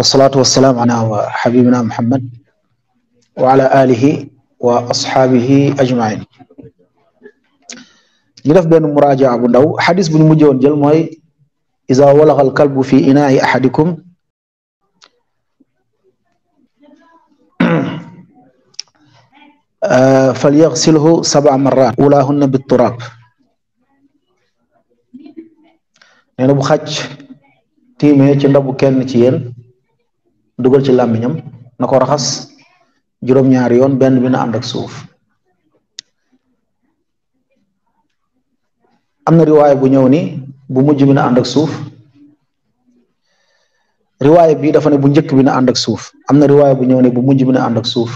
والصلاة والسلام على حبيبنا محمد وعلى آله وأصحابه أجمعين نلف بين مراجعة بنداو حديث بن مجيون جل إذا ولغ الكلب في إناء أحدكم فليغسله سبع مرات أولاهن بالتراب نينو بخاتش تيمه چندبو كين dugal ci lamiñam nako raxas juróom ñaar yoon benn bi na ànd ak suuf am na riwaay bu ñëw ni bu mujj bi na ànd ak suuf riwaay bi dafa ne bu njëkk bi na ànd ak suuf am na riwaay bu ñëw ni bu mujj bi na ànd ak suuf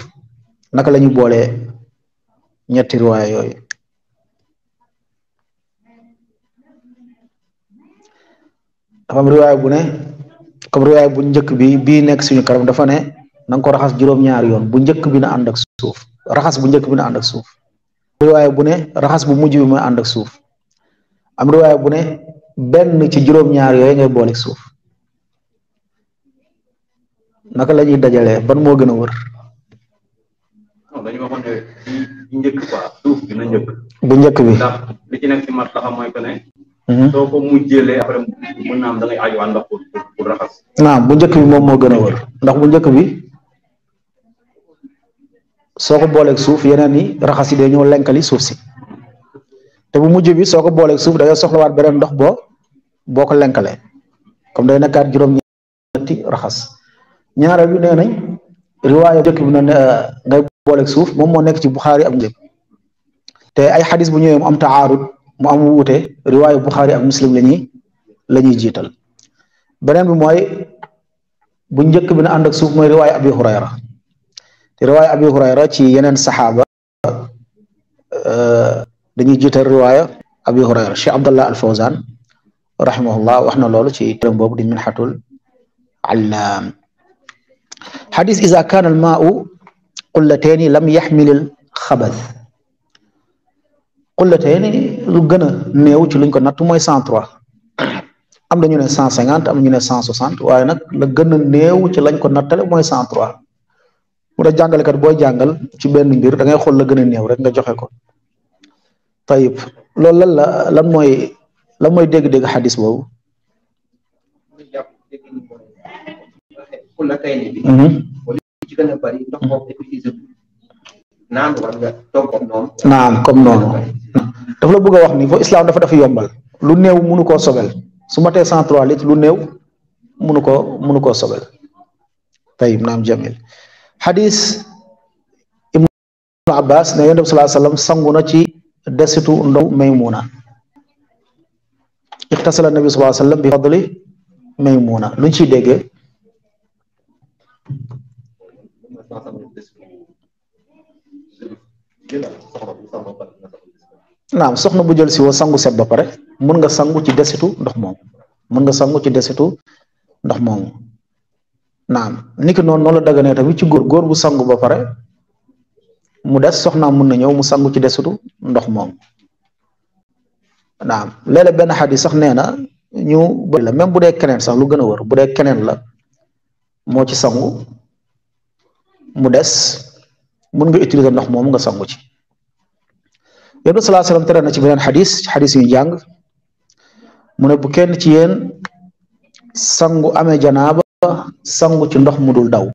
naka lañu boolee ñetti riwaay yooyu dafa am riwaay bu ne comme riwaay ya, bu ñëk bi bi nekk suñu karam dafa ne nang ko raxas juroom ñaar yoon bu ñëk bi na and ak suuf raxas bu ñëk bi na and ak suuf riwaay bu ne raxas bu mujj bi ma and ak suuf am riwaay bu ne benn ci juroom ñaar yoy ngay boole suuf naka lañuy ñuy ban moo gën a wër bu njëkk bi. ndax li ci nekk ci mat la xam mooy ko ne soo ko mujjëlee après mën naa am da ngay ajuwaan ndox pour pour raxas. naam bu njëkk bi moom moo gën wër ndax bu njëkk bi soo ko booleeg suuf yeneen yi raxas yi day lenkali suuf si te bu mujj bi soo ko booleeg suuf da ngay soxlawaat beneen ndox boo boo ko lenkalee comme day nekkaat juróom-ñetti raxas ñaareel bi nee nañ riwaaya bi noonu ngay booleeg suuf nekk ci ak te ay xadis bu ñëwee mu am taarud mu am wuté riwaya bukhari ak muslim lañi lañi jital benen bi moy bu ñëk bi na ànd ak suuf moy riwaya Abi Hurayra te riwaya Abi Hurayra ci yenen sahaba euh dañuy jital riwaya Abi Hurayra Cheikh Abdallah Al Fawzan rahimahullah waxna lolu ci tërëm bobu di minhatul allaam xadis isa kaana al maau qullateeni lam yaxmilil xabath xullatayni lu gën a néew ci luñ ko natt mooy cent trois am na ñu ne cent cinquante am na ñu ne cent soixante waaye nag la gën a néew ci lañ ko nattale mooy cent trois mu da jàngalekat booy jàngal ci benn mbir da ngay xool la gën a néew rek nga joxe ko tayib loolu lan la lan mooy lan mooy dégg-dégg xadis boobu xullatayni mm-hmm. mm-hmm. naam comme noonu dafa la bëgg a wax ni fo islam dafa dafa yombal lu néew munu koo sobel su ma tee cent trois lu néew munu koo munu koo sobel tayib naam jamil xadis ibnu abbas ne yonent bi salaa sallam sangu na ci desitu ndaw maymuna ixtasala nabi salaa sallam bi fadli maymuna luñ ciy déggee naam soxna bu jël si sangu set ba pare mun nga sangu ci desitu ndox moomu mun nga sangu ci desitu ndox moomu naam niki noon noonu la daganee tamit ci góor góor bu sangu ba pare mu des soxna mun na ñëw mu sangu ci desitu ndox moomu naam léeg-léeg benn xadis sax nee na ñu bëri la même bu dee keneen sax lu gën a wër bu dee keneen la moo ci sangu mu des. mën nga utiliser ndox moomu nga sangu ci yéen sallallahu alayhi wasallam tere na ci beneen xadis ci xadis yu jàng mu ne bu kenn ci yéen sangu amee janaaba sangu ci ndox mu dul daw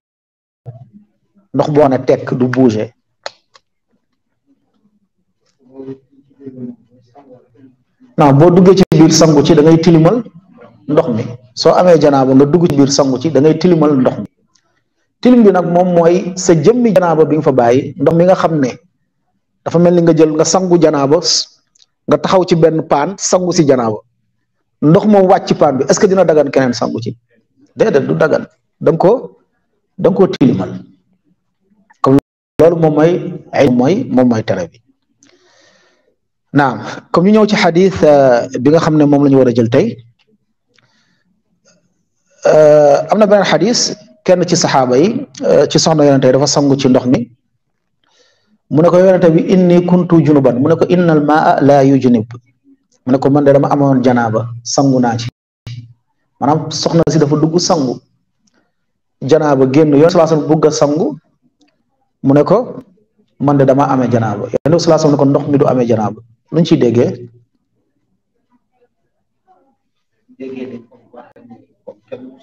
ndox boo ne tekk du bouger na boo duggee ci biir sangu ci da ngay tilimal ndox mi soo amee janaaba nga dugg ci biir sangu ci da ngay tilimal ndox mi tilim bi nag moom mooy sa jëmmi janaaba bi nga fa bàyyi ndox mi nga xam ne dafa mel ni nga jël nga sangu janaaba nga taxaw ci benn paan sangu si janaaba ndox moom wàcc paan bi est-ce que dina dagan keneen sangu ci déedéet du dagan da nga ko da koo tilimal comme loolu moom mooy mooy moom mooy tere bi naam comme ñu ñëw ci xadis euh, bi nga xam ne moom la ñu war a jël tey euh, am na beneen xadis kenn ci saxaaba yi euh, ci soxna yonente bi dafa sangu ci ndox mi mu ne ko yonente bi inni kuntu junuban mu ne ko innal maa la yujunib mu ne ko man de dama amoon janaaba sangu naa ci soxna si dafa dugg sangu janaaba génn yoon salaasan bugg a sangu mu ne ko man de dama amee janaaba yoon salaasan ne ko ndox mi du amee janaaba luñ ciy déggee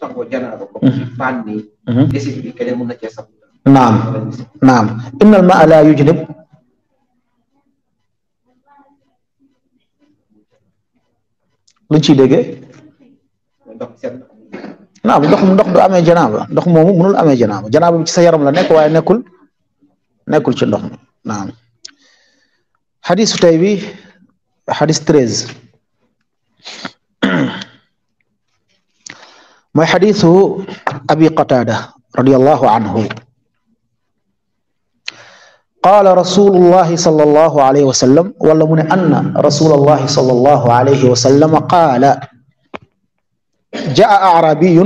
saxoo janaaba comme nal fànn mhm. ni desit mhm. bi keneen mën na naam ciy déggee naam ndox ndox du amee janaaba ndox moomu mënul amee janaaba janaaba bi ci sa yaram la nekk waaye nekkul nekkul ci ndox mi naam xadisu tey bi xadis treize ما حديث أبي قتادة رضي الله عنه قال رسول الله صلى الله عليه وسلم ولم أن رسول الله صلى الله عليه وسلم قال جاء أعرابي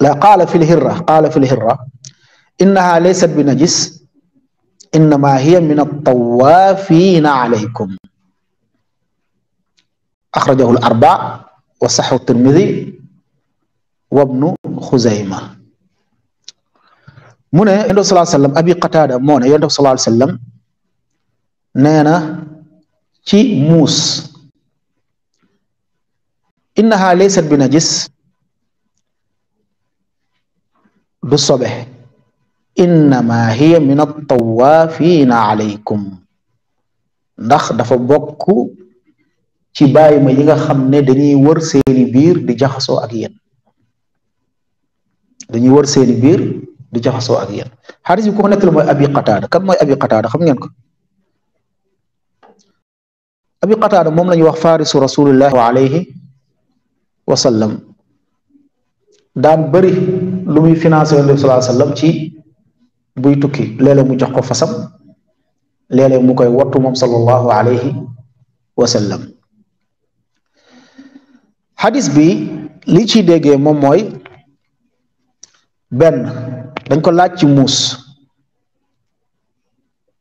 لا قال في الهرة قال في الهرة إنها ليست بنجس إنما هي من الطوافين عليكم أخرجه الأربع وصحه الترمذي wabnu xuzayma mu ne yonent bi salaa abi qataada moo ne yonent bi salaa nee na ci muus innaha laysat bi najis du sobe innama hiya min attawaafina alaykum ndax dafa bokku ci bàyyi ma yi nga xam ne dañuy wër seeni biir di jaxasoo ak yéen dañuy war seeni biir di jaxasoo ak yéen xadis bi ko nekk la mooy abi qataada kan mooy abi qataada xam ngeen ko moom la wax farisu rasulillahi wa alayhi wa sallam daan bari lu muy financé yonent bi salaa ci buy tukki léeg mu jox ko fasam léeg mu koy wattu moom sallallahu alayhi wa sallam bi li ci déggee moom mooy benn dañ ko laaj ci muus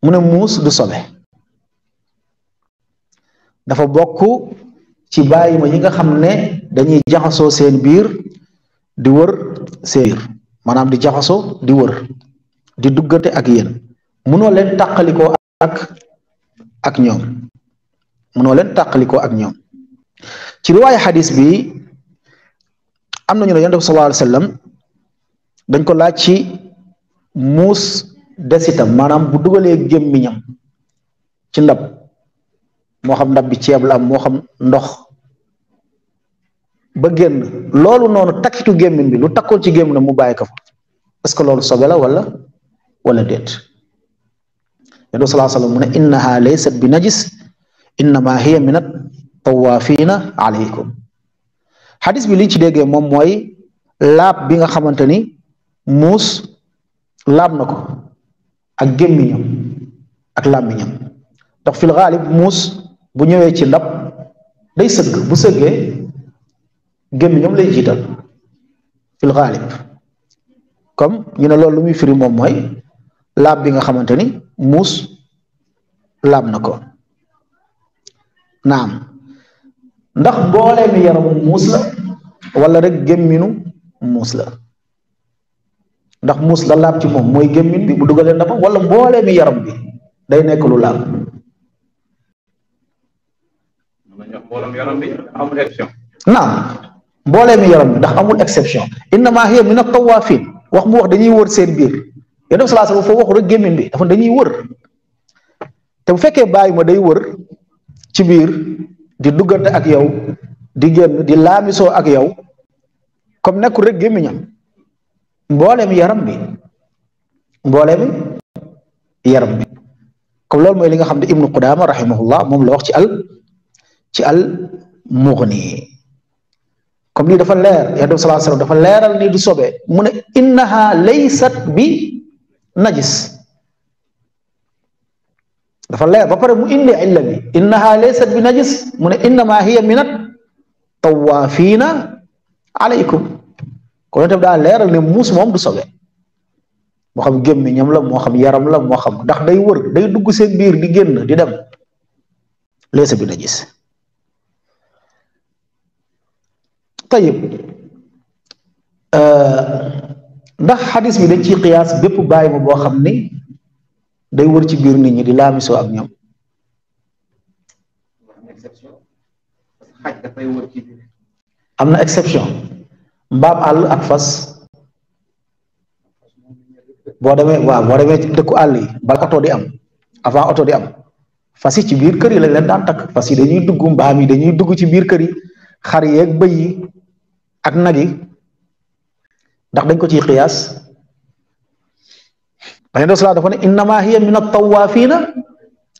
mu muus du sobe dafa bokk ci bàyyi ma yi nga xam ne dañuy jaxasoo seen biir di wër seen biir maanaam di jaxasoo di wër di duggate ak yéen munoo leen tàqalikoo ak ak ñoom munoo leen tàqalikoo ak ñoom ci riwaaye xadis bi am nañu ne yonent bi sallallahu alayhi wa dañ ko laaj ci muus desitam maanaam bu dugalee gémmiñam ci ndab moo xam ndab bi ceeb la am moo xam ndox ba génn loolu noonu takkitu gémmiñ bi lu takkoon ci gémmiñ mu bàyyi ko fa est ce que loolu sobe la wala wala déet yadu salaa sallam mu ne innaha laysat bi najis innama hiya min at tawafina alaykum hadis bi li ci déggee moom mooy laab bi nga xamante muus laab na ko ak gémmiñam ak làmmiñam ndax fil xaalib muus bu ñëwee ci ndab day sëgg bu sëggee gémmiñam lay jiital fil xaalib comme ñu ne loolu lu muy firi moom mooy laab bi nga xamante ni muus laab na ko naam ndax mbooleem yaramu muus la wala rek gémminu muus la ndax muus la laab ci moom mooy gémmin bi bu dugalee ndabam wala mboolee mi yaram bi day nekk lu laab naam mboolee mi yaram bi ndax amul exception innama hiya min at wax mu wax dañuy wër seen biir yonent bi salaa sallam foo waxu rek gémmin bi dafa dañuy wër te bu fekkee bàyyi ma day wër ci biir di duggante ak yow di génn di laamisoo ak yow comme nekkul rek gémmiñam mbooleem yaram bi mbooleem yaram bi loolu mooy li nga xam ne ibnu qudaama rahimahullah moom la ci al ci al mughni comme lii dafa leer yonent bi sallallahu alayhi wasallam dafa leeral ni du sobe mu ne innaha laysat bi najis dafa leer ba pare mu indi illa bi innaha laysat bi najis mu ne innama hiya minat tawaafina alaykum kon tam daa leeral ne muus moom du soge moo xam ñam la moo xam yaram la moo xam ndax day wër day dugg seen biir di génn di dem leesa bi na gis tayib ndax eh, xadis bi dañ ci qiyaas bépp bàyyi ma boo xam ni day wër ci biir nit ñi di laamisoo ak ñoom am na exception mbaam àll ak fas boo demee waaw boo demee ci dëkku àll yi bala oto am avant oto di am fas yi ci biir kër yi lañ leen daan takk fas yi dañuy dugg mbaam yi dañuy dugg ci biir kër yi xar yeeg bëy yi ak nag ndax dañ ko ci ciy xiyaas dañu doo salaa dafa ne innama hiya min at-tawaafina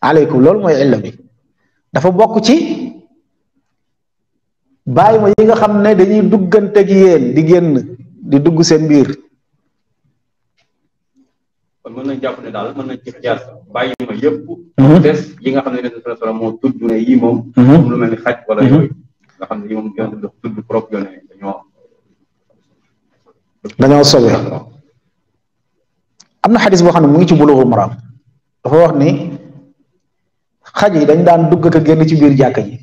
aleykum loolu mooy illa dafa bokk ci bàyyi ma yi nga xam ne dañuy duggante ak yéen di génn di dugg seen biir. kon mën nañ jàpp daal mën nañ ci xiyaas bàyyi ma yëpp. Mhm. des yi nga xam ne ne sa moom. Mhm. moom lu mel ni xaj mhm. dañoo. dañoo am na xadis boo xam ne mu ngi ci Bulughul Maram dafa wax ni xaj yi dañ daan dugg ak génn ci biir jàkk ji.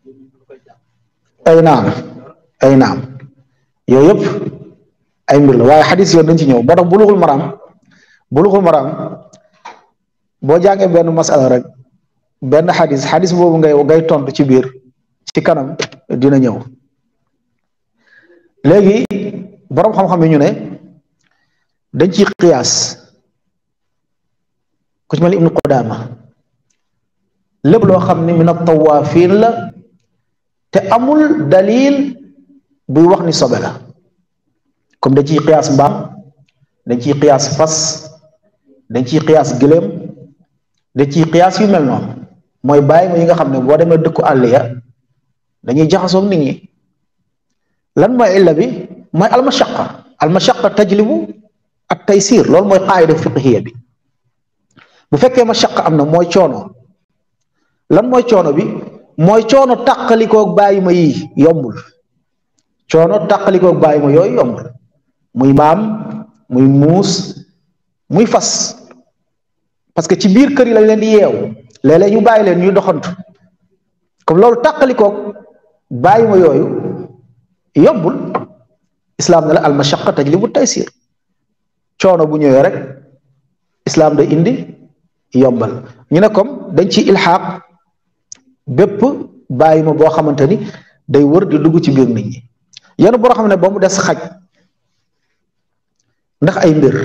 ay naam ay naam yooyu yëpp ay mbir la waaye xadis yooyu dañ ci ñëw moo tax buluxul maraam buluxul maraam boo jàngee benn masala rek benn xadis xadis boobu ngay ngay tontu ci biir ci kanam dina ñëw léegi boroom xam-xam yi ñu ne dañ ci qiyaas ku ci mel ni ibnu Qudaama lépp loo xam ni min at-tawaafin la amul dalil buy wax ni sobe la comme dañ ciy qiyaas mbaam dañ ciy qiyaas fas dañ ciy qiyaas gëléem dañ ciy qiyaas yu mel noonu mooy bàyyi ma yi nga xam ne boo demee dëkku àll ya dañuy jaxasoog nit ñi lan mooy illa bi mooy almashaqa almashaqa tajlibu ak taysir loolu mooy qaayida fiqhiya bi bu fekkee mashaqa am na mooy coono lan mooy coono bi mooy coono tàqalikoog bàyyi ma yi yombul coono tàqalikoog bàyyi ma yooyu yombul muy mbaam muy muus muy fas parce que ci biir kër yi lañ leen di yeew léeg-léeg ñu bàyyi leen ñuy doxantu comme loolu tàqalikoog bàyyi ma yooyu yombul islaam ne la almashaqa tajlibu taysir coono bu ñëwee rek islaam day indi yombal ñu ne comme dañ ci ilxaaq bépp bayima bo xamanteni day wër di dugg ci biir nit ñi yeen bo xamne ne ba mu des xaj ndax ay mbir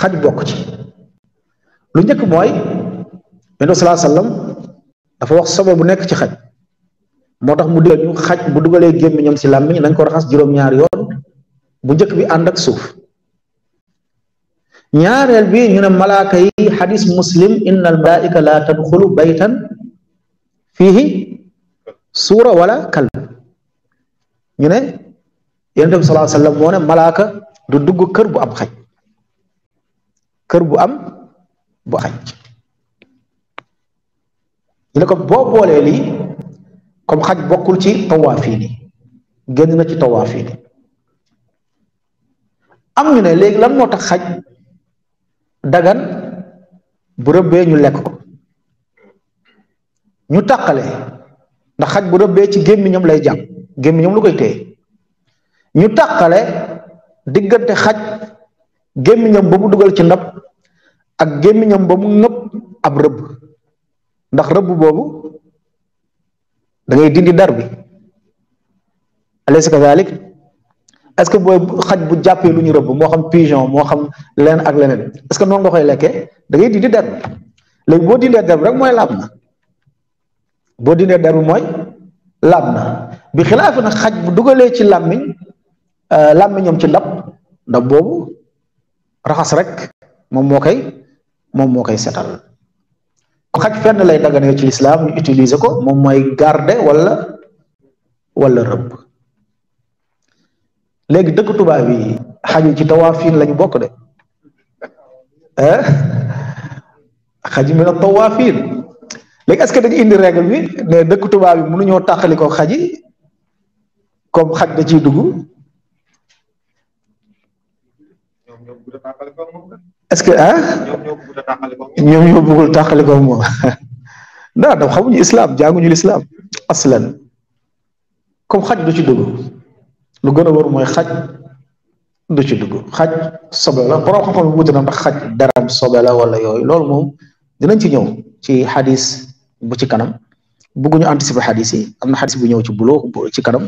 xaj bok ci lu ñëk moy ibn salaa sallam dafa wax sababu bu nekk ci xaj motax mu deul ñu xaj bu dugalee gémmiñam si làmmiñ nañ ko raxas juroom ñaar yoon bu ñëk bi andak ak suuf ñaarel bi ñu ne malaaka yi hadith muslim innal al la tadkhulu baytan fiihi suura wala kalb ñu ne yonent bi sallallahu alayhi wasallam moo malaaka du dugg kër bu am xaj kër bu am bu xaj ñu ne ko boo boolee lii comme xaj bokkul ci tawaafiin yi génn na ci tawaafiin yi am ñu ne léegi lan moo tax xaj dagan bu rëbbee ñu lekk ñu tàqale ndax xaj bu rëbbee ci gémmiñam lay jàpp gémmiñam lu koy téye ñu tàqale diggante xaj gémmiñam ba mu dugal ci ndab ak gémmiñam ba mu nëpp ab rëbb ndax rëbb boobu dangay ngay dindi dar bi alaysa kazalik est-ce que booy xaj bu jàppee lu ñu rëbb moo xam pigeon moo xam leen ak leneen est-ce que noonu nga koy lekkee da ngay dindi der bi léegi boo dindee der bi rek mooy laab na boo dindee deru mooy laab na bi xilaafi nag xaj bu dugalee ci làmmiñ euh, làmmiñam ci ndab ndab boobu raxas rek moom moo koy moom moo koy setal xaj fenn lay daganee ci lislaam ñu ko moom mooy garde wala wala rëbb léegi dëkk tubaab yi xaj ci tawaafin lañu bokk de xaj mi nag léegi est ce que dañu indi règle bi ne dëkk bi mënu ñoo takali ko xaji comme xaj da ci dugg est ce que ah ñoom ñoo bëggul takali ko moom ah? da dam xamuñu islam jànguñu l'islam aslan comme xaj da ci dugg lu gëna a moy xaj du ci dugg xaj sobe la borom xam-xam wuute na ndax xaj daram sobe la wala yoy lool mom dinañ ci ñew ci hadith bu ci kanam bëgguñu anticiper xadis yi am na xadis bu ñëw ci buloo ci kanam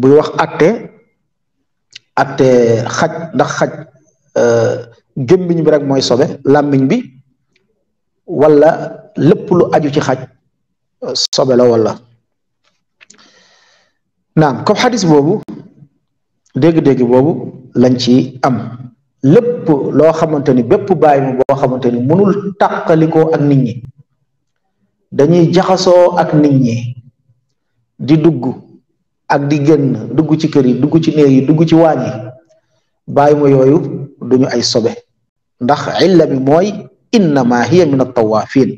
buy wax atte atte xaj ndax xaj euh, gémmiñ bi rek mooy sobe làmmiñ bi wala lépp lu aju ci xaj sobe la wala naam comme xadis boobu dégg-dégg boobu lañ ci am lépp loo xamante ni bépp bàyyi mu boo xamante ni mënul takkalikoo ak nit ñi dañuy jaxaso ak nit ñi di dugg ak di genn dugg ci kër yi dugg ci néeg yi dugg ci waañ yi bàyyi ma yooyu duñu ay sobe ndax illa bi mooy innama hiya min attawafin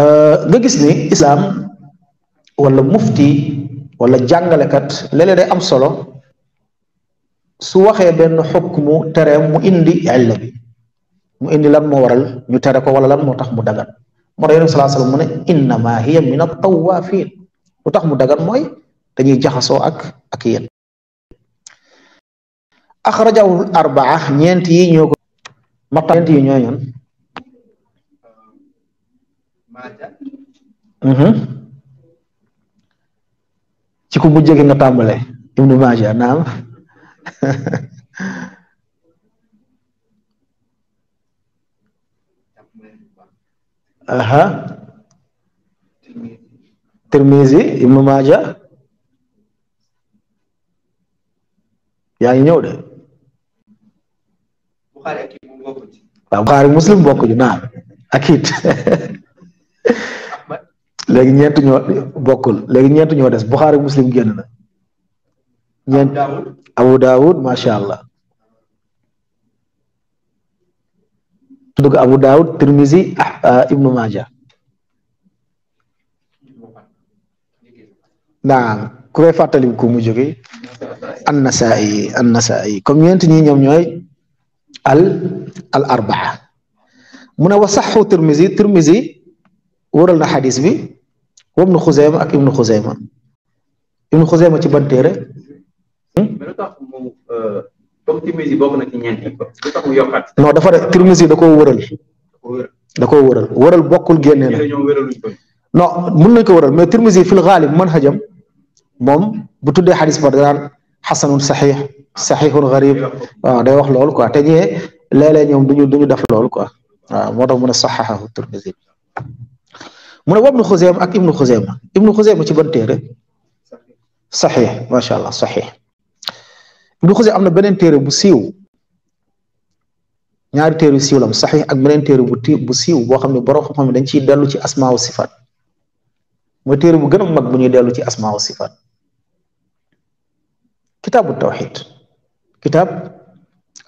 euh, nga gis ni islam wala mufti wala jàngalekat léeg day am solo su waxee benn xukmu tere mu indi illa bi mu indi lan moo waral ñu tere ko wala lan moo tax mu dagan Hurairah sallallahu alaihi wasallam inna hiya at tawafin utah dagan moy dañuy jaxaso ak ak yeen akhrajahu al-arba'a ñent yi ñoko mata ñent yi ñoyon hmm ci ku bu jege nga tambale ibnu majah naam aha Tirmizi Ibnu Maaja yaa ngi ñëw de waaw Buxaari Muslim bokk ju naan ak it léegi ñeent ñoo bokkul léegi ñeent ñoo des Buxaari Muslim génn na ñeent Abu Daawud macha allah tudd ko Abu Daawud Tirmizi ah, ah Ibnu Maaja naam ku koy fàttali ku mu jóge an-Nasaa'i an-Nasaa'i comme ñi ñoom ñooy al al arbaa mu ne wa saxu Tirmizi Tirmizi wóoral na xadis bi wa Ibnu Xuzayma ak Ibnu Xuzayma Ibnu Xuzayma ci ban téere hmm? comme Tirmizi bokk na ci ñeent yi dafa ne Tirmizi da koo wëral. da koo bokkul génne na. non mun nañ ko wëral mais Tirmizi fil xaalib man xajam moom bu tuddee xadis ba daan xasanun saxiix saxiixun garib waaw day wax loolu quoi te ñee léeg-léeg ñoom duñu duñu def loolu quoi waaw moo tax mu ne saxaxahu Tirmizi mu ne wa ibnu Xuzeyma ak ibnu Xuzeyma a Xuzeyma ci ban téere saxiix macha allah saxiix bu xusee am na beneen téere bu siiw ñaari téere siiw lam saxiix ak beneen téere bu ti bu siiw boo xam ne borom xam-xam dañ ciy dellu ci asmaaw sifaat mooy téere bu gën a mag bu ñuy dellu ci asmaaw sifaat kitaabu tawxid kitaab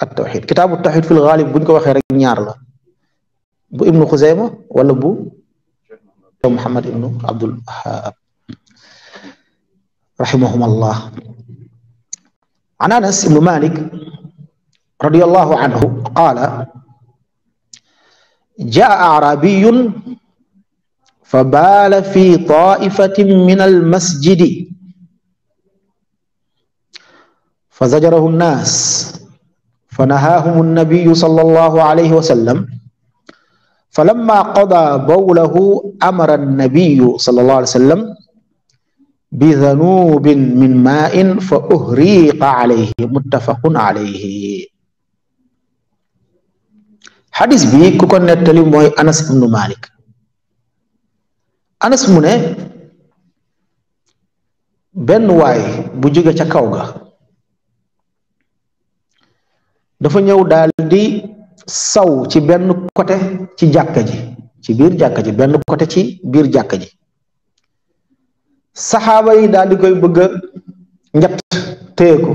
at tawxid kitaabu tawxid fil gaalib buñ ko waxee rek ñaar la bu ibnu xuseyma wala bu muhammad ibnu abdul wahab rahimahum allah عن انس بن مالك رضي الله عنه قال جاء اعرابي فبال في طائفه من المسجد فزجره الناس فنهاهم النبي صلى الله عليه وسلم فلما قضى بوله امر النبي صلى الله عليه وسلم bi zanubin min ma'in fa uhriqa alayhi muttafaqun alayhi xadis bi ku ko nettali mooy anas ibnu malik anas mu ne benn waay bu jóge ca kaw ga dafa ñëw daal di saw ci benn côté ci jàkka ji ci biir jàkka ji benn côté ci biir jàkka ji saxaaba yi daal di koy bëgg a njett téye ko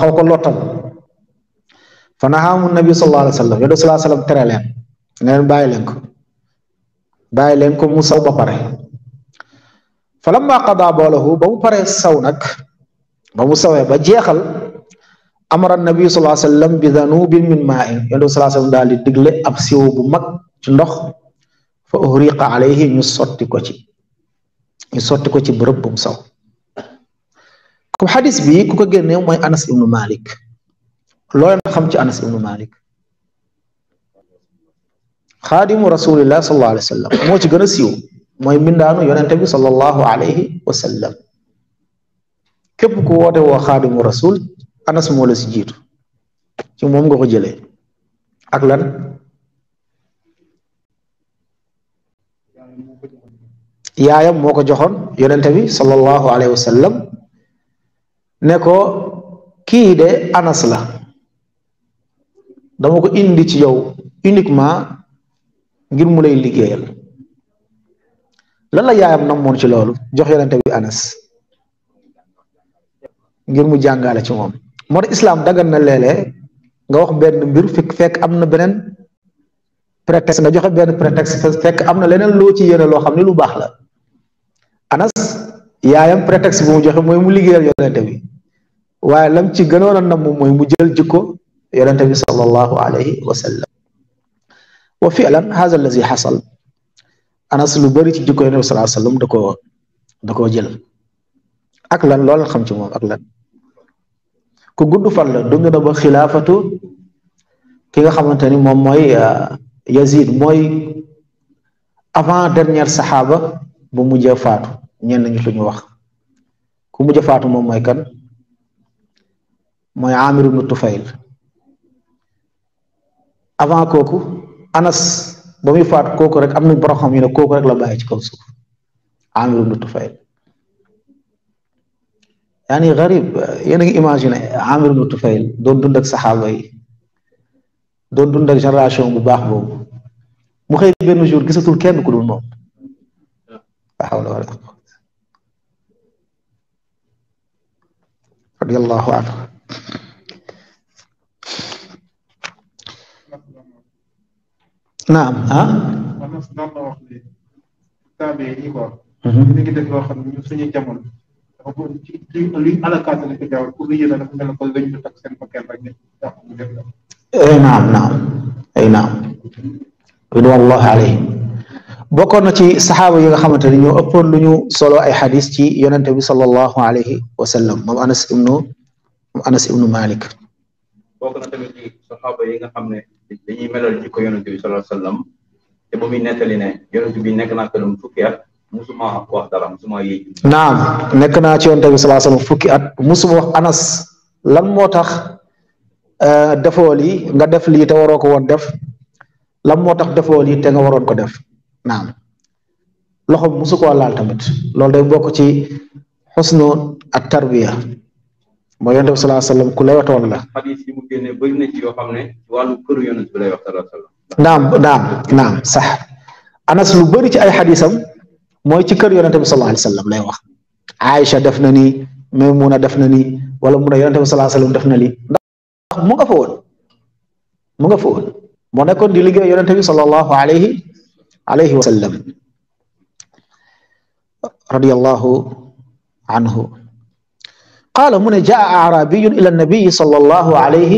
xaw ko lottal fa nahaamu nabi sallallahu alayhi wa sallam yonent tere leen ne leen bàyyi leen ko bàyyi leen ko mu saw ba pare fa lamma qadaa boolahu ba mu pare saw nag ba mu sawee ba jeexal amara nabi sallallahu alayhi wa sallam bi danubin min maa'in yonent sallallahu alayhi wa daal di digle ab siwo bu mag ci ndox fa uhriqa alayhi ñu sotti ko ci ñu sotti ko ci bërëb bu mu saw comme xadis bi ku ko génnee mooy anas ibnu malik looleen xam ci anas ibnu malik xaadimu rasulillah sallallahu alayhi wa moo ci gën a siiw mooy mbindaanu yonente bi sallallahu alayhi wa sallam képp ku woote woo xaadimu rasul anas moo la si jiitu ci moom nga ko jëlee ak lan yaayam moo ko joxoon yonente bi sallallahu alayhi wa sallam ne ko kii de anas la dama ko indi ci yow uniquement ngir mu lay liggéeyal lan la yaayam namoon ci loolu jox yonente bi anas ngir mu jàngale ci moom moo tax islaam dagan na léeg nga wax benn mbir fekk fekk am na beneen prétexte na joxe benn prétexte fekk am na leneen loo ci yéene loo xam ne lu baax la anas yaayam prétexte bu mu joxe mooy mu liggéeyal yonente bi waaye lam ci gënoon a namm mooy mu jël jikko yonente bi sallallahu alayhi wa sallam wa filan haza allazi lu bari ci jikko yonente bi sallallahu da koo koo jël ak lan lool xam ci moom ak lan ku gudd fan la na ba xilaafatu ki nga xamante ni moom mooy ah, yazid mooy avant dernier saxaaba bu mujjee faatu ñenn ñi ñu wax ku mujjee faatu moom mooy kan mooy Amir ibnu Tufayl avant kooku Anas ba muy faatu kooku rek am na borom xam yu ne kooku rek la bàyyi ci kaw suuf Amir ibnu Tufayl yaani garib yéen a ngi imaginer Amir ibnu Tufayl doon dund ak saxaaba yi doon dund ak bu baax boobu mu xëy benn jour gisatul kenn ku dul moom. haula wala quwwata radhiyallahu anhu naam ah eh allah bokkoon na ci saxaaba yi nga xamante ne ñoo ëppoon lu ñu solo ay xadis ci yonente bi sallallahu alayhi wa sallam moom Anas ibnu moom Anas ibnu Malik bokk na tamit ci saxaaba yi nga xam ne dañuy melal jikko yonente bi sallallahu alayhi wa sallam te bu muy nettali ne yonente bi nekk naa këram fukki at musuma wax dara musuma yéeg naam nekk naa ci yonente bi sallallahu alayhi wa sallam fukki at musuma wax Anas lan moo tax euh, defoo lii nga def lii te waroo ko woon def lan moo tax defoo lii te nga waroon ko def naam loxo bi musu koo laal tamit lool day bokk ci xusnu at tarbiya mooy yonent bi salaa sallam ku la. xadis yi mu génne bëri na ci yoo xam ne wàllu këru yonent bi lay wax salaa sallam. naam naam naam sax anas lu bëri ci ay xadisam mooy ci kër yonent bi salaa sallam lay wax def na ni Maymuna def na ni wala mu ne yonent bi salaa sallam def na li woon mu nga fa woon moo nekkoon di liggéey bi sallallahu alayhi عليه وسلم رضي الله عنه قال من جاء عربي إلى النبي صلى الله عليه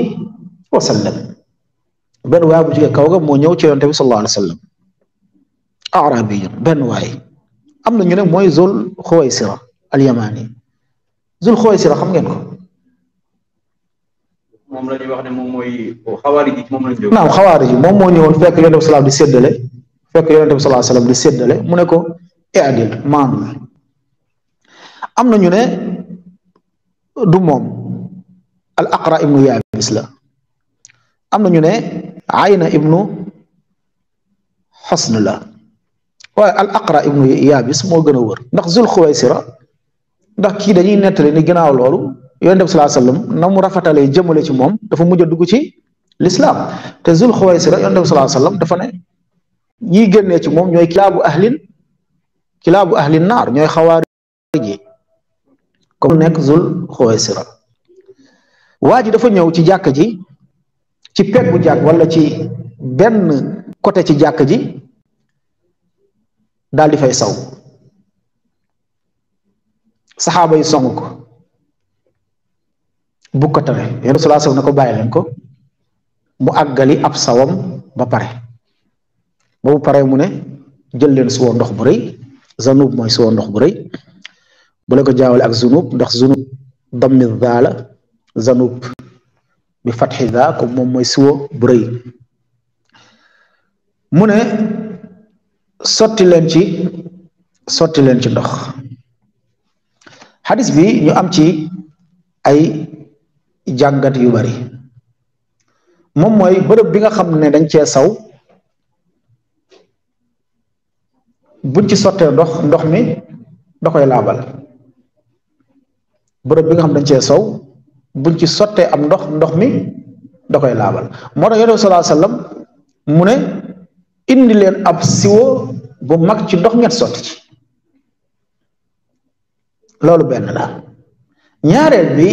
وسلم بن واي بجي كوغا مو نيو تي النبي صلى الله عليه وسلم عربي بن واي أمنا نيو موي زول خويسرة اليماني زول خويسرة خم ngeen ko mom lañuy wax ne mom moy xawarij mom lañu jox naaw xawarij mom mo ñewon fekk yoonu sallallahu alayhi wasallam fekk yonente bi salaa sallam di séddale mu ne ko maam maandu am na ñu ne du moom al aqra ibnu yaabis la am na ñu ne ayna ibnu xasn la waaye al aqra ibnu yaabis moo gën a wër ndax zul xuwaysira ndax kii dañuy nettali ni ginnaaw loolu yonente bi salaa sallam na mu rafetalee jëmale ci moom dafa mujj a dugg ci lislaam te zul xuwaysira yonente bi salaa sallam dafa ne ñiy génnee ci moom ñooy kilaabu ahlin kilaabu ahlin naar ñooy xawaari ji kom nekk zul xuwaysira waa ji dafa ñëw ci jàkk ji ci peggu jàkk wala ci benn côté ci jàkk ji daal fay saw saxaaba yi song bu ko tane yéen salaa ne ko bàyyi leen ko mu àggali ab sawam ba pare ba bu paree mu ne jël leen suwa ndox bu rëy zanub mooy suwa ndox bu rëy bu la ko jaawale ak zunub ndax zunub dammi daa la zanub bi fatxi daa comme moom mooy suwa bu rëy mu ne sotti leen ci sotti leen ci ndox xadis bi ñu am ci ay jàngat yu bari moom mooy bërëb bi nga xam ne dañ cee saw buñ ci sottee ndox ndox mi da koy laabal bërëb bi nga xam dañ cee sow buñ ci sottee am ndox ndox mi da koy laabal moo tax yonent sallallahu alayhi wasallam mu ne indi leen ab siwo bu mag ci ndox ngeen sotti loolu benn la ñaareel bi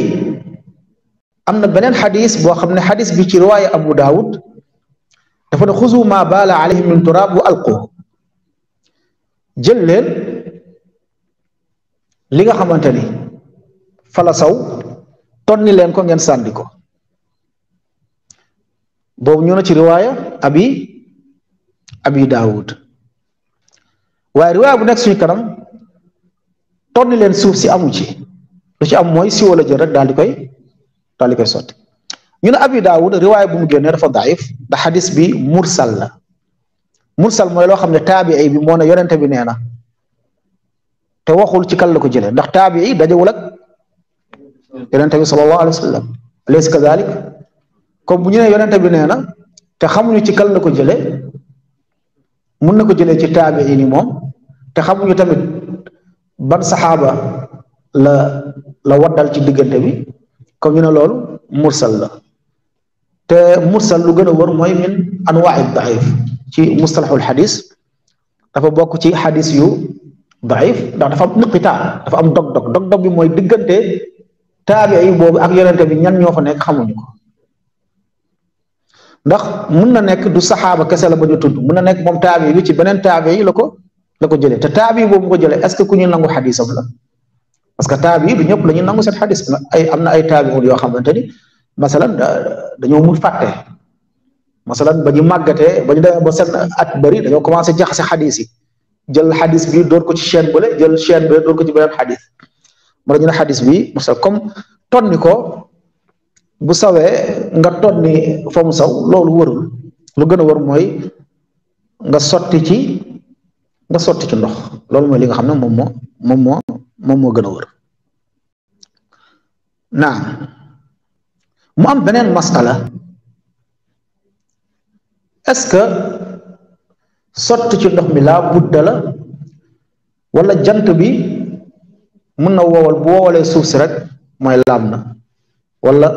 am na beneen xadis boo xam ne xadis bi ci riwaaya Abu Daawud dafa ne xuzu ma baala alayhi min wa alqu jël leen li nga xamante ni fala saw tonni leen ko ngeen sànni ko boobu ñu na ci riwaaya abi abi daawud waaye riwaaya bu nekk suñu kanam ton tonni leen suuf si amu ci lu ci am mooy si jël rek daal di koy daal di koy sotti ne abi daawud riwaaya bu mu génnee dafa daif da xadis bi mursal la mursal mooy loo xam ne taabii bi moo ne yonente bi nee na te waxul ci kan la ko jëlee ndax taabii dajewul ak yonente bi sallallahu alayhi wa sallam laysa kazalik comme bu ñu nee bi nee na te xamuñu ci kan la ko jëlee mun na ko jëlee ci taabii ni moom te xamuñu tamit ban saxaaba la la waddal ci diggante bi comme ñu ne loolu mursal la te mursal lu gën a wër mooy min anwaai daif ci mustalaxul xadis dafa bokk ci xadis yu daif ndax dafa am inqita dafa am dog-dog dog-dog bi mooy diggante taabi boobu ak yonente bi ñan ñoo fa nekk xamuñu ko ndax mun na nekk du saxaaba kese la ba ñu tudd mun na nekk moom taabi bi ci beneen taabi la ko la ko jëlee te taabi boobu ko jëlee est-ce que ku ñu nangu xadisam la parce que taabi du ñëpp la ñu nangu seen xadis ay am na ay taabiwul yoo xamante ni masalan dañoo mun fàtte. masalan bañu magate eh, bañu da ñu ba at bari dañu commencé jaxase xadis yi eh. jël xadis bi door ko ci chaîne bële jël chaîne bële door ko eh, ci beneen xadis mo ñu ne bi masal comme tonni ko bu sawé nga tonni fa mu saw loolu warul lu gëna wër moy nga sotti ci nga sotti ci ndox loolu moy li nga xam mom mo mom mo mom mo gëna wër na mu am benen masala est-ce que sotti ci ndox mi laa budda la wala jant bi mën na woowal bu woowalee suuf si rek mooy laab na wala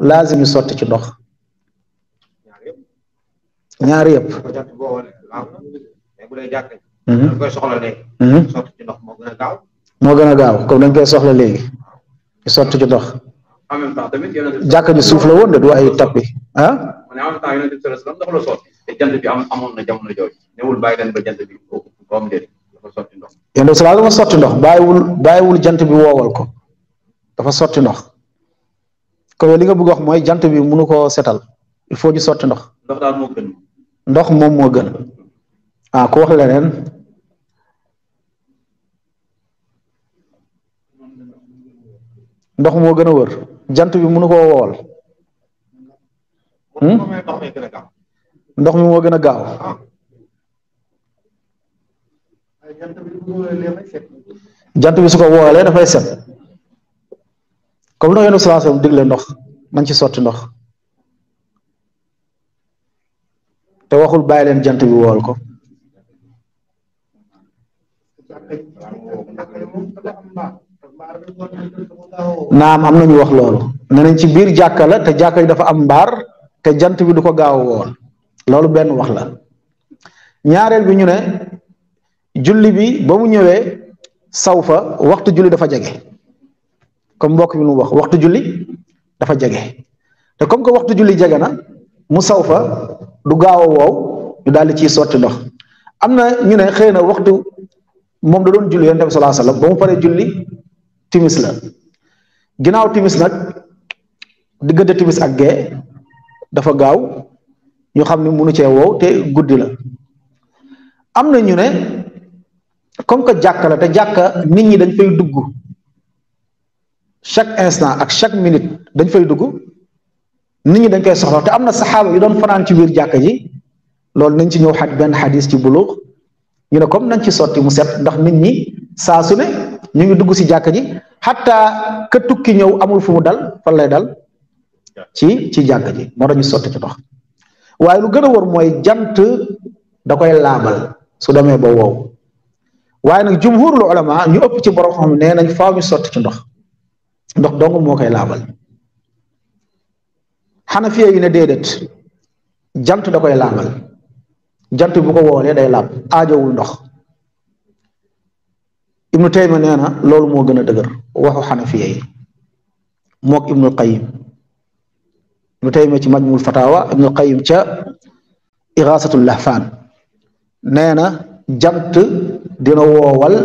laazimi sotti ci ndox ñaari yëpp mhm. mhm. moo gën a gaaw comme dañ koy soxla léegi ñu ci ndox jàkk ji suuf la woon de du ay tappi ah te jant bi am amoon na jamono jooju newul bàyyi leen ba jant bi ko am njëriñ dafa sotti ndox. yéen a salaam dafa sotti ndox bàyyiwul bàyyiwul jant bi woowal ko dafa sotti ndox kon li nga bëgg wax moy jant bi mënu koo setal il faut ñu sotti ndox. ndox daal moo ndox moom moo gën ah ku wax leneen. ndox moo gën a wër jant bi mënu koo woowal. Hmm? Hmm? ndox mi moo gën a gaaw wi bi su ko woolee dafay set comme na yoonu science am digle ndox nañ ci sotti ndox te waxul bàyyi leen jant bi wool ko naam am nañu wax loolu ne nañ ci biir jàkka la te jàkka yi dafa am mbaar te jant bi du ko gaaw wool loolu benn wax la ñaareel bi ñu ne julli bi ba mu ñëwee saw fa waxtu julli dafa jege comme mbokk bi mu wax waxtu julli dafa jege te comme que waxtu julli jege na mu saw fa du gaaw a woow daal di ciy sotti ndox am na ñu ne xëy na waxtu moom da doon julli yonent bi sallallahu alayhi wasallam ba mu paree julli timis la ginnaaw timis nag diggante timis ak gee dafa gaaw ñu xam ne munu cee woow te guddi la am na ñu ne comme que jàkka la te jàkka nit ñi dañ fay dugg chaque instant ak chaque minute dañ fay dugg nit ñi dañ koy soxla te am na saxaaba yu doon fanaan ci biir jàkka ji loolu nañ ci ñëw xaj benn xadis ci buluux ñu ne comme nañ ci sotti mu set ndax nit ñi saa ne ñu ngi dugg si jàkka ji xataa ka tukki ñëw amul fu mu dal fa lay dal ci ci jàkka ji moo tax ñu sotti ci ndox waaye lu gën a war mooy jant da koy laabal su demee ba wow waaye nag jumhurul ulama ñu ëpp ci borom xam nee nañ faaw ñu sotti ci ndox ndox dong moo koy laabal xanafiya yi ne déedéet jant da koy laabal jant bu ko woolee day laab aajowul ndox ibnu tayma nee na loolu moo gën a dëgër waxu xanafiya yi mook ibnul qayim ibnu taymiya ci majmuul fatawa ibnu qayyim ca iraasatul lahfaan nee na jant dina woowal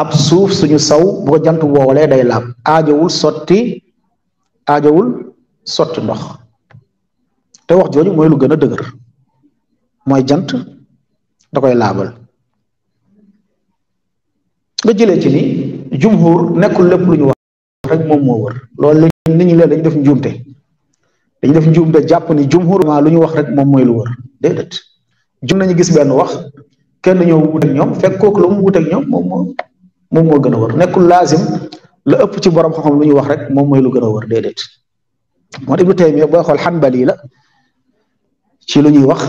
ab suuf suñu saw bu ko jant woowalee day laab aajowul sotti aajowul sotti ndox te wax jooju mooy lu gën a dëgër mooy jant da koy laabal nga jëlee ci ni jumhur nekkul lépp lu ñu wax rek moom moo wër loolu nit ñi leen dañu def njuumte dañu def njuum de jàpp ni jumhur lu ñu wax rek moom mooy lu wër déedéet jum nañu gis benn wax kenn ñëw wuteeg ñoom fekk kook la mu wuteeg ñoom moom moo moom moo gën a wër nekkul laasim la ëpp ci borom xam lu ñu wax rek moom mooy lu gën a wër déedéet moo Ibnu Taymiya booy xool xanbali la ci lu ñuy wax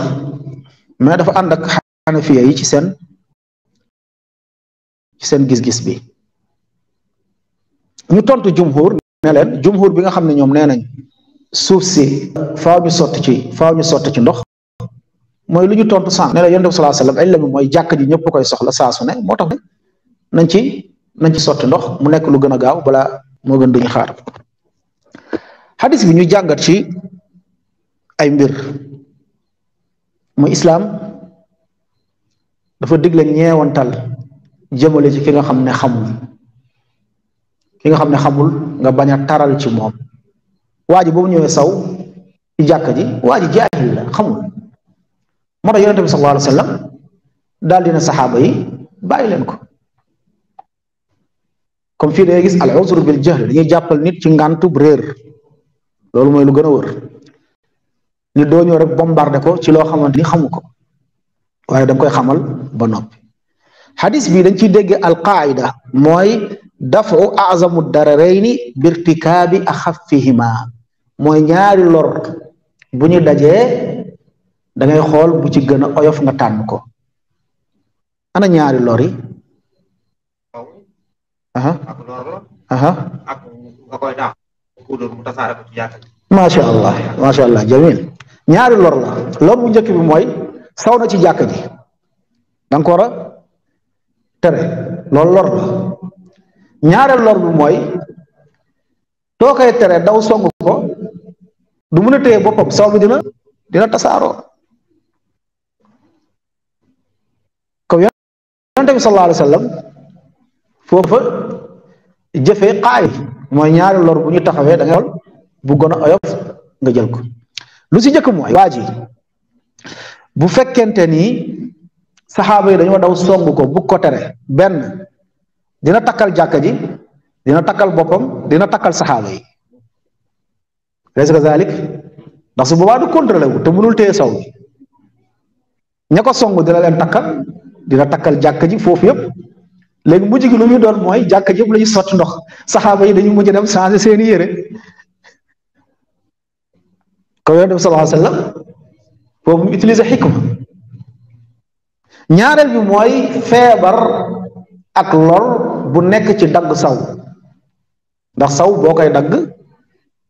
mais dafa ànd ak xanafiya yi ci seen ci seen gis-gis bi ñu tontu jumhur ne leen jumhur bi nga xam ne ñoom nee nañ suuf si fa ñu sotti ci faaw ñu sotti ci ndox mooy lu ñu tontu sànq ne la yonent bi sallallahu alayhi mooy jàkk ji ñëpp koy soxla saasu ne moo tax nañ ci nañ ci sotti ndox mu nekk lu gën a gaaw bala moo gën duñu xaar xadis bi ñuy jàngat ci ay mbir mu islaam dafa digle ñeewantal jëmale ci ki nga xam ne xamul ki nga xam ne xamul nga bañ a taral ci moom waa boobu ñëwee saw ci jàkka ji waa ji jaahil la xamul moo bi sallallahu alayhi daal dina saxaaba yi bàyyi leen ko comme fii dangay gis al uzru bil jahl dañuy jàppal nit ci ngàntub réer loolu mooy lu gën a wër ni doo ñëw ko ci loo xamante ni xamu ko waaye da koy xamal ba noppi xadis bi dañ ciy dégg alqaida mooy dafu azamu dararayni birtikaabi axaffihima mooy ñaari lor bu ñu dajee dangay xool bu ci gën a oyof nga tànn ko ana ñaari lor yi aha aha macha allah macha allah jamil ñaari lor la lor bu njëkk bi mooy saw na ci jàkk ji da nga ko lor la ñaareel lor bi mooy too daw song ko du mën a téye boppam saw bi dina dina tasaaroo kon yonente bi sallallahu alayhi wa foofa jëfee xaay mooy ñaari lor bu ñu taxawee da nga bu gën a oyof nga jël ko lu si njëkk mooy waa ji bu fekkente ni saxaaba yi dañoo daw song ko bu ko tere benn dina takkal jàkka ji dina takkal boppam dina takkal saxaaba yi. est-ce ndax su boobaa du contrôlé wu te mënul tee sow ña ko song dina leen takkal dina takkal jàkk ji foofu yëpp léegi bu gi lu muy doon mooy jàkk ji yëpp la ñuy sotti ndox saxaaba yi dañu mujj dem changé seeni yére ko yonent bi sallallahu alayhi ñaareel bi mooy feebar ak lor bu nekk ci dagg saw ndax saw boo koy dagg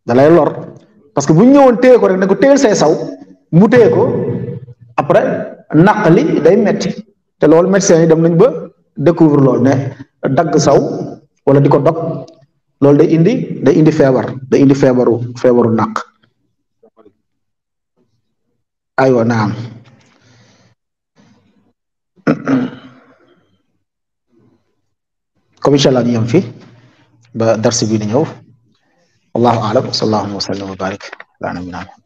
dalay lor parce que bu ñu ñëwoon téye ko rek ne ko say saw mu téye ko après naqali day metti te loolu médecins yi dem nañ ba découvre lool ne dagg saw wala di ko dog loolu day indi day indi feebar day indi feebaru feebaru naq aywa naam comme fi ba darsi bi di ñëw الله أعلم وصلى الله وسلم وبارك على نبينا محمد